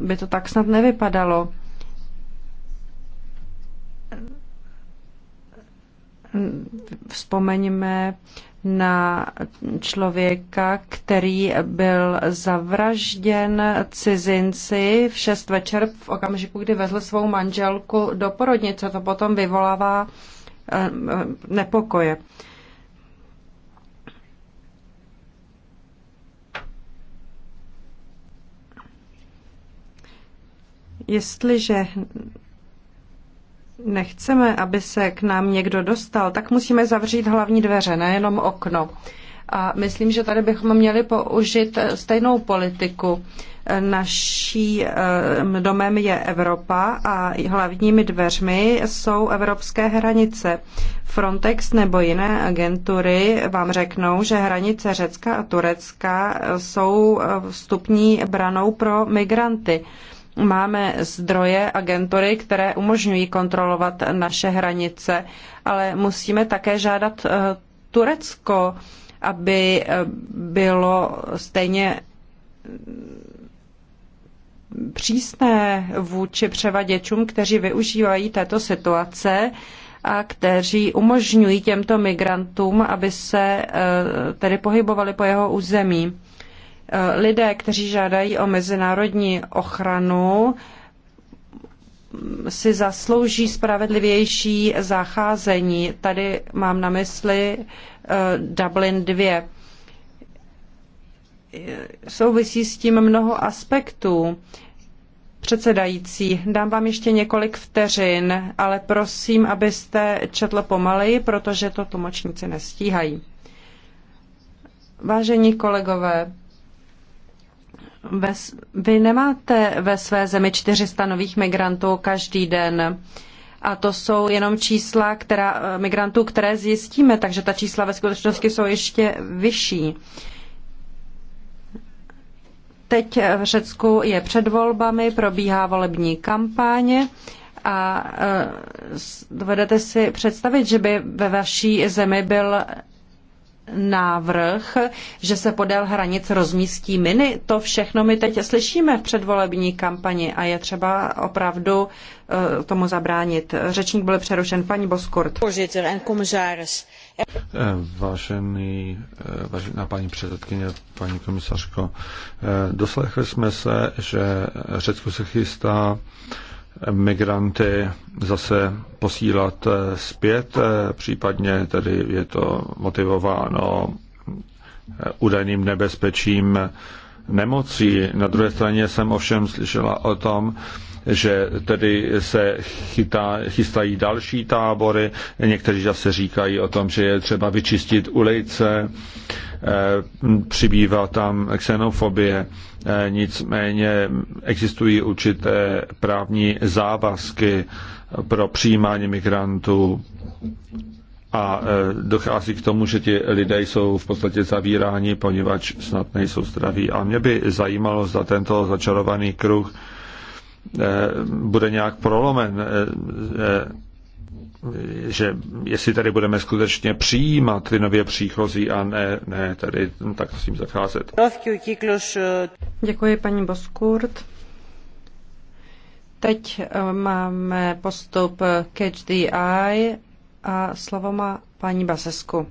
by to tak snad nevypadalo. Vzpomeňme na člověka, který byl zavražděn cizinci v 6 večer v okamžiku, kdy vezl svou manželku do porodnice. To potom vyvolává eh, nepokoje. Jestliže nechceme, aby se k nám někdo dostal, tak musíme zavřít hlavní dveře, nejenom okno. A myslím, že tady bychom měli použít stejnou politiku. Naší eh, domem je Evropa a hlavními dveřmi jsou evropské hranice. Frontex nebo jiné agentury vám řeknou, že hranice Řecka a Turecka jsou eh, vstupní branou pro migranty máme zdroje, agentury, které umožňují kontrolovat naše hranice, ale musíme také žádat eh, Turecko, aby eh, bylo stejně mm, přísné vůči převaděčům, kteří využívají této situace a kteří umožňují těmto migrantům, aby se eh, tedy pohybovali po jeho území. Eh, lidé, kteří žádají o mezinárodní ochranu, si zaslouží spravedlivější zacházení. Tady mám na mysli eh, Dublin 2. Eh, souvisí s tím mnoho aspektů. Předsedající, dám vám ještě několik vteřin, ale prosím, abyste četl pomaleji, protože to tlumočníci nestíhají. Vážení kolegové, ve, vy nemáte ve své zemi 400 nových migrantů každý den. A to jsou jenom čísla která, eh, migrantů, které zjistíme, takže ta čísla ve skutečnosti jsou ještě vyšší. Teď eh, v Řecku je před volbami, probíhá volební kampáně a eh, dovedete si představit, že by ve vaší zemi byl návrh, že se podél hranic rozmístí miny. To všechno my teď slyšíme v předvolební kampani a je třeba opravdu eh, tomu zabránit. Řečník byl přerušen paní Boskurt. Eh, vážený, eh, vážená paní předsedkyně, paní komisařko, doslechli jsme se, že Řecku se chystá migranty zase posílat eh, zpět, eh, případně tedy je to motivováno eh, údajným nebezpečím nemocí. Na druhé straně jsem ovšem slyšela o tom, že tedy se chytá, chystají další tábory, někteří zase říkají o tom, že je třeba vyčistit ulice, eh, přibývá tam xenofobie. Eh, nicméně existují určité právní závazky pro přijímání migrantů a e, dochází k tomu, že ti lidé jsou v podstatě zavíráni, poněvadž snad nejsou zdraví. A mě by zajímalo, zda tento začarovaný kruh e, bude nějak prolomen, e, že jestli tady budeme skutečně přijímat ty nově příchozí a ne, ne tady tak s tím zacházet. Děkuji paní Boskurt. Teď máme postup Catch the Eye a slovo má paní Basesku.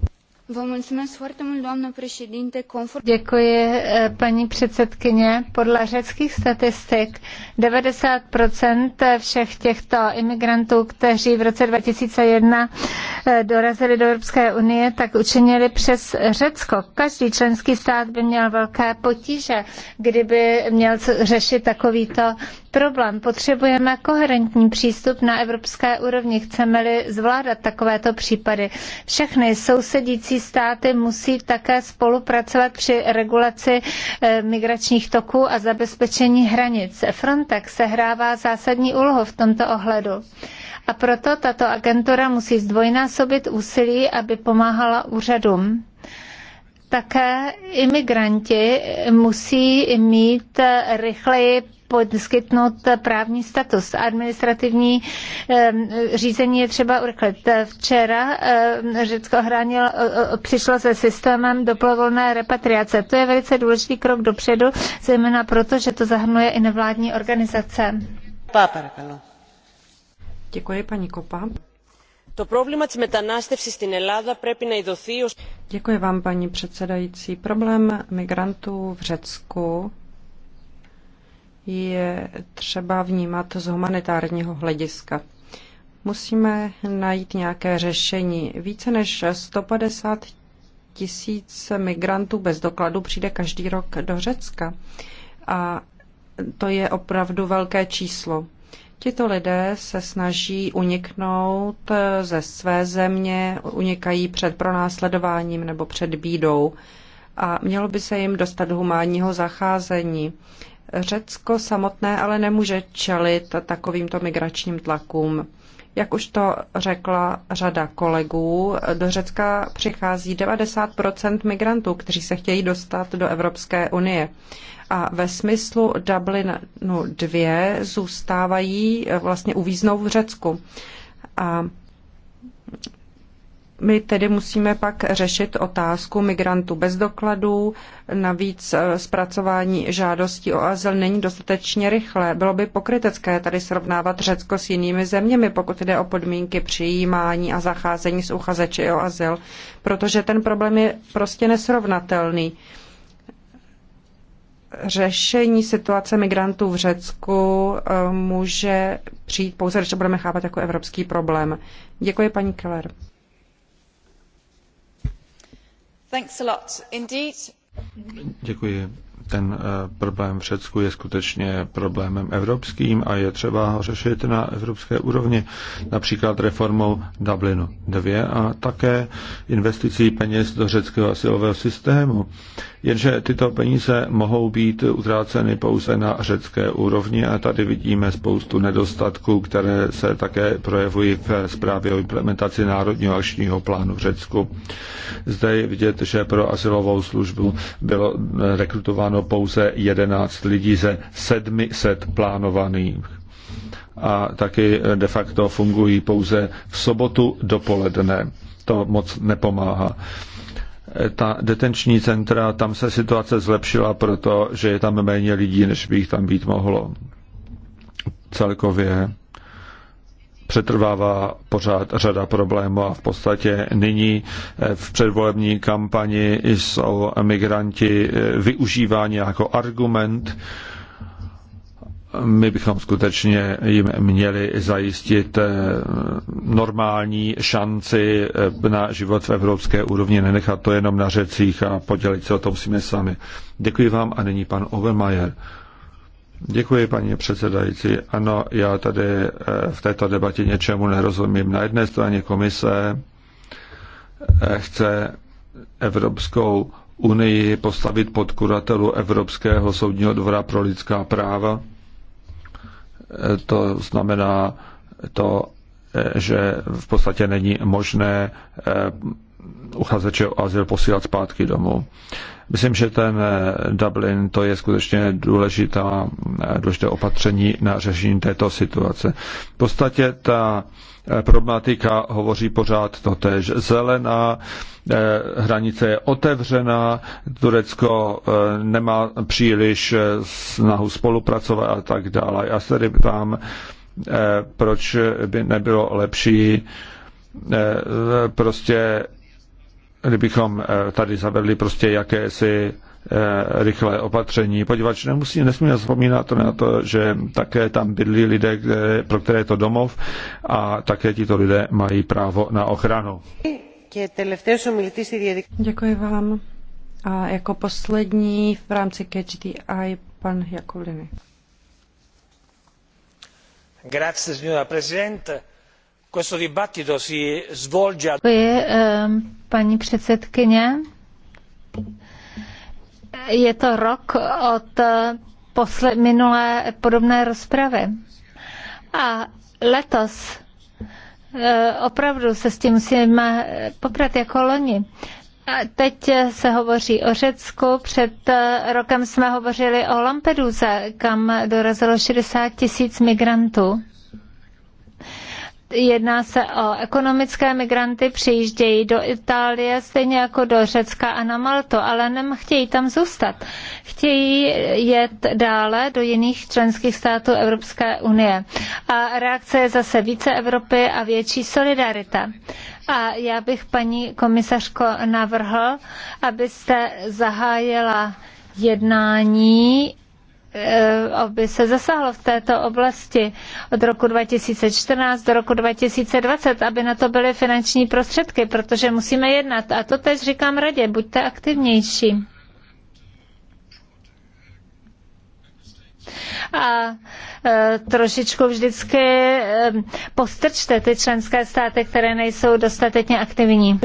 Děkuji, eh, paní předsedkyně. Podle řeckých statistik 90 všech těchto imigrantů, kteří v roce 2001 eh, dorazili do Evropské unie, tak učinili přes Řecko. Každý členský stát by měl velké potíže, kdyby měl řešit takovýto problém. Potřebujeme koherentní přístup na evropské úrovni, chceme-li zvládat takovéto případy. Všechny sousedící státy musí také spolupracovat při regulaci eh, migračních toků a zabezpečení hranic. Frontex sehrává zásadní úlohu v tomto ohledu. A proto tato agentura musí zdvojnásobit úsilí, aby pomáhala úřadům. Také imigranti musí mít rychleji poskytnout právní status. Administrativní řízení je třeba urychlit. Včera Řecko hránil, přišlo se systémem doplovolné repatriace. To je velice důležitý krok dopředu, zejména proto, že to zahrnuje i nevládní organizace. Děkuji, paní Kopa. To problema Děkuji vám, paní předsedající. Problém migrantů v Řecku je třeba vnímat z humanitárního hlediska. Musíme najít nějaké řešení. Více než 150 tisíc migrantů bez dokladu přijde každý rok do Řecka. A to je opravdu velké číslo. Tito lidé se snaží uniknout eh, ze své země, unikají před pronásledováním nebo před bídou a mělo by se jim dostat humánního zacházení. Řecko samotné ale nemůže čelit takovýmto migračním tlakům. Jak už to řekla řada kolegů, do Řecka přichází 90 migrantů, kteří se chtějí dostat do Evropské unie. A ve smyslu Dublinu 2 zůstávají, vlastně uvíznou v Řecku. A my tedy musíme pak řešit otázku migrantů bez dokladů. Navíc eh, zpracování žádostí o azyl není dostatečně rychlé. Bylo by pokrytecké tady srovnávat Řecko s jinými zeměmi, pokud jde o podmínky přijímání a zacházení s uchazeči o azyl, protože ten problém je prostě nesrovnatelný. Řešení situace migrantů v Řecku eh, může přijít pouze, když to budeme chápat jako evropský problém. Děkuji, paní Keller. Děkuji ten eh, problém v Řecku je skutečně problémem evropským a je třeba ho řešit na evropské úrovni, například reformou Dublinu 2 a také investicí peněz do řeckého asilového systému. Jenže tyto peníze mohou být utráceny pouze na řecké úrovni a tady vidíme spoustu nedostatků, které se také projevují v zprávě o implementaci Národního akčního plánu v Řecku. Zde je vidět, že pro asilovou službu bylo eh, rekrutováno zaměstnáno pouze 11 lidí ze 700 plánovaných. A taky de facto fungují pouze v sobotu dopoledne. To moc nepomáhá ta detenční centra, tam se situace zlepšila proto, že je tam méně lidí, než by jich tam být mohlo. Celkově přetrvává pořád řada problémů a v podstatě nyní eh, v předvolební kampani jsou migranti eh, využíváni jako argument. My bychom skutečně jim měli zajistit eh, normální šanci na život v evropské úrovni, nenechat to jenom na řecích a podělit se o tom s sami. Děkuji vám a nyní pan Overmajer. Děkuji, paní předsedající. Ano, já tady eh, v této debatě něčemu nerozumím. Na jedné straně komise eh, chce Evropskou unii postavit pod kuratelu Evropského soudního dvora pro lidská práva. Eh, to znamená to, že v podstatě není možné uchazeče o azyl posílat zpátky domů. Myslím, že ten eh, Dublin to je skutečně důležitá, eh, důležité opatření na řešení této situace. V podstatě ta eh, problematika hovoří pořád totež. Zelená hranice je otevřená, Turecko nemá příliš snahu spolupracovat a tak dále. Já se tedy ptám, proč by nebylo lepší prostě kdybychom eh, tady zavedli prostě jakési eh, rychlé opatření, poněvadž nemusí, nesmíme zapomínat na to, že také tam bydlí lidé, pro které je to domov a také tito lidé mají právo na ochranu. Děkuji vám. A jako poslední v rámci KGTI pan Jakoliny. Grazie, signora Presidente. Questo dibattito si svolge... Ehm, paní předsedkyně. Je to rok od eh, posle- minulé podobné rozpravy. A letos eh, opravdu se s tím musíme poprat jako loni. A teď se hovoří o Řecku. Před eh, rokem jsme hovořili o Lampeduze, kam dorazilo 60 tisíc migrantů. Jedná se o ekonomické migranty, přijíždějí do Itálie, stejně jako do Řecka a na Malto, ale nechtějí tam zůstat. Chtějí jet dále do jiných členských států Evropské unie. A reakce je zase více Evropy a větší solidarita. A já bych, paní komisařko, navrhl, abyste zahájila jednání Eh, aby se zasáhlo v této oblasti od roku 2014 do roku 2020, aby na to byly finanční prostředky, protože musíme jednat. A to teď říkám radě, buďte aktivnější. a eh, trošičku vždycky e, postrčte ty členské státy, které nejsou dostatečně aktivní.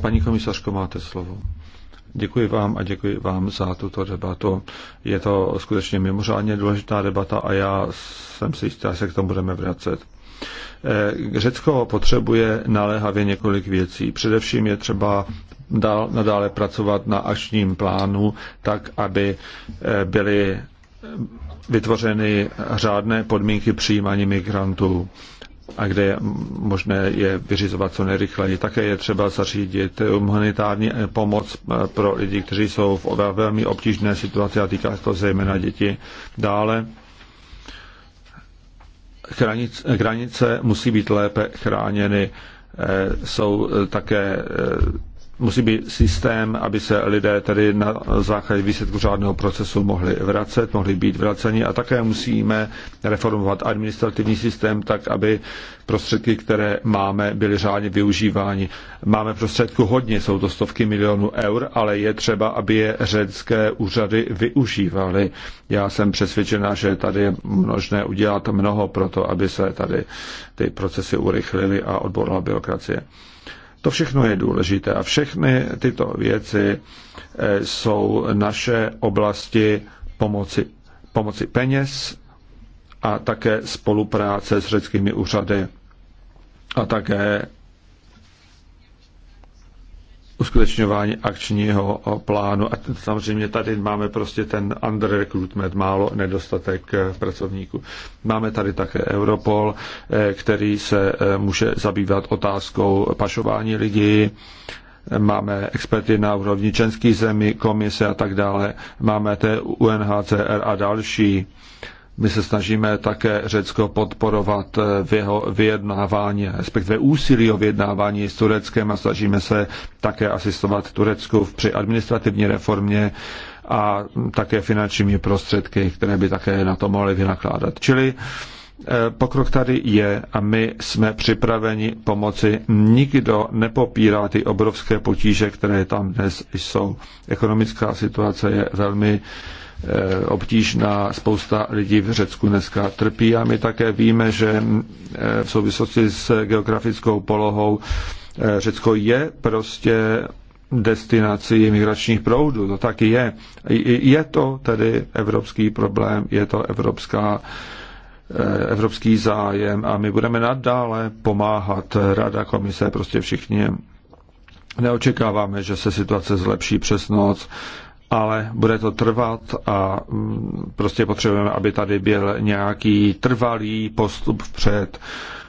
Paní komisařko, máte slovo. Děkuji vám a děkuji vám za tuto debatu. Je to skutečně mimořádně důležitá debata a já jsem si jistý, že se k tomu budeme vracet. Eh, Řecko potřebuje naléhavě několik věcí. Především je třeba dál, nadále pracovat na akčním plánu, tak aby eh, byly vytvořeny řádné podmínky přijímání migrantů a kde je možné je vyřizovat co nejrychleji. Také je třeba zařídit humanitární pomoc pro lidi, kteří jsou v velmi obtížné situaci a týká se to zejména děti. Dále hranice, hranice musí být lépe chráněny. Eh, jsou také eh, musí být systém, aby se lidé tady na základě výsledku řádného procesu mohli vracet, mohli být vraceni a také musíme reformovat administrativní systém tak, aby prostředky, které máme, byly řádně využívány. Máme prostředku hodně, jsou to stovky milionů eur, ale je třeba, aby je řecké úřady využívaly. Já jsem přesvědčená, že tady je možné udělat mnoho pro to, aby se tady ty procesy urychlily a odborná byrokracie. To všechno je důležité a všechny tyto věci eh, jsou naše oblasti pomoci, pomoci peněz a také spolupráce s řeckými úřady a také uskutečňování akčního plánu. A samozřejmě tady máme prostě ten recruitment, málo nedostatek eh, pracovníků. Máme tady také Europol, eh, který se eh, může zabývat otázkou pašování lidí, máme experty na úrovni členských zemí, komise a tak dále, máme té UNHCR a další. My se snažíme také Řecko podporovat v jeho vyjednávání, respektive úsilí o vyjednávání s Tureckem a snažíme se také asistovat Turecku při administrativní reformě a také finančními prostředky, které by také na to mohly vynakládat. Čili eh, pokrok tady je a my jsme připraveni pomoci. Nikdo nepopírá ty obrovské potíže, které tam dnes jsou. Ekonomická situace je velmi Eh, obtížná. Spousta lidí v Řecku dneska trpí a my také víme, že eh, v souvislosti s geografickou polohou eh, Řecko je prostě destinací migračních proudů. To taky je. Je to tedy evropský problém, je to evropská evropský zájem a my budeme nadále pomáhat Rada, komise, prostě všichni. Neočekáváme, že se situace zlepší přes noc ale bude to trvat a mm, prostě potřebujeme, aby tady byl nějaký trvalý postup vpřed,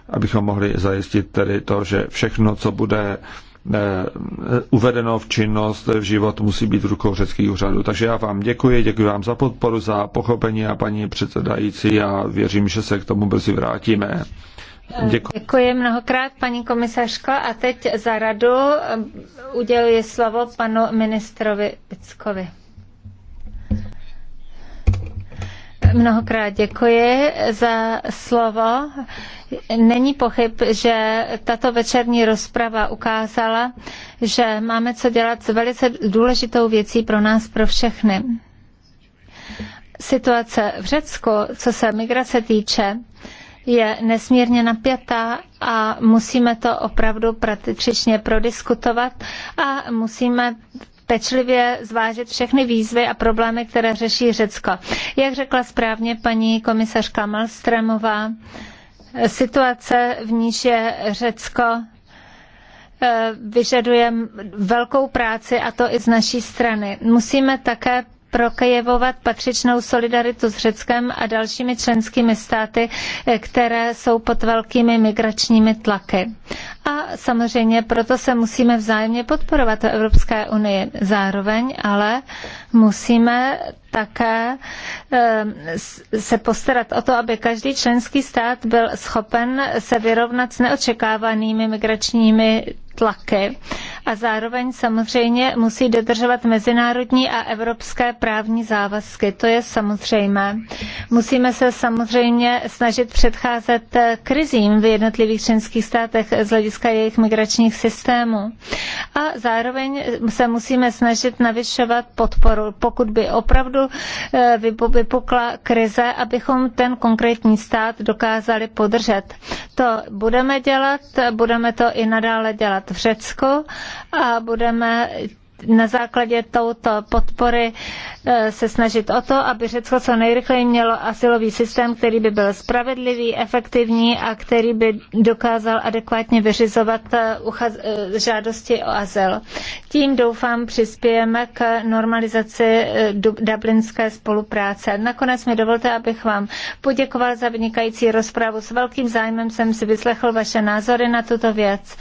abychom mohli zajistit tedy to, že všechno, co bude e, uvedeno v činnost, v život musí být v rukou řeckých úřadů. Takže já vám děkuji, děkuji vám za podporu, za pochopení a paní předsedající a věřím, že se k tomu brzy vrátíme. Děkuji. Děkuji mnohokrát, paní komisařko. A teď za radu eh, uděluji slovo panu ministrovi Pickovi. Mnohokrát děkuji za slovo. Není pochyb, že tato večerní rozprava ukázala, že máme co dělat s velice důležitou věcí pro nás, pro všechny. Situace v Řecku, co se migrace týče, je nesmírně napjatá a musíme to opravdu praktičně prodiskutovat a musíme pečlivě zvážit všechny výzvy a problémy, které řeší Řecko. Jak řekla správně paní komisařka Malstremová, situace, v níž je Řecko eh, vyžaduje velkou práci a to i z naší strany. Musíme také prokejevovat patřičnou solidaritu s Řeckem a dalšími členskými státy, eh, které jsou pod velkými migračními tlaky. A samozřejmě proto se musíme vzájemně podporovat v Evropské unii. Zároveň ale musíme také eh, se postarat o to, aby každý členský stát byl schopen se vyrovnat s neočekávanými migračními tlaky a zároveň samozřejmě musí dodržovat mezinárodní a evropské právní závazky. To je samozřejmé. Musíme se samozřejmě snažit předcházet eh, krizím v jednotlivých členských státech z hlediska jejich migračních systémů. A zároveň se musíme snažit navyšovat podporu, pokud by opravdu eh, vypukla krize, abychom ten konkrétní stát dokázali podržet. To budeme dělat, budeme to i nadále dělat v Řecku a budeme na základě touto podpory e, se snažit o to, aby Řecko co nejrychleji mělo asilový systém, který by byl spravedlivý, efektivní a který by dokázal adekvátně vyřizovat e, e, žádosti o azyl. Tím doufám přispějeme k normalizaci dublinské spolupráce. Nakonec mi dovolte, abych vám poděkoval za vynikající rozpravu. S velkým zájmem jsem si vyslechl vaše názory na tuto věc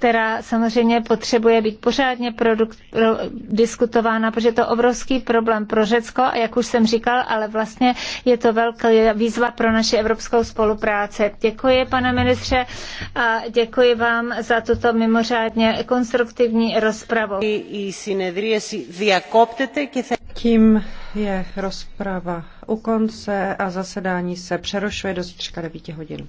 která samozřejmě potřebuje být pořádně produkt, pro, diskutována, protože je to obrovský problém pro Řecko a jak už jsem říkal, ale vlastně je to velká výzva pro naši evropskou spolupráci. Děkuji, pane ministře, a děkuji vám za tuto mimořádně konstruktivní rozpravu. Tím je rozprava u konce a zasedání se přerušuje do zítřka 9 hodin.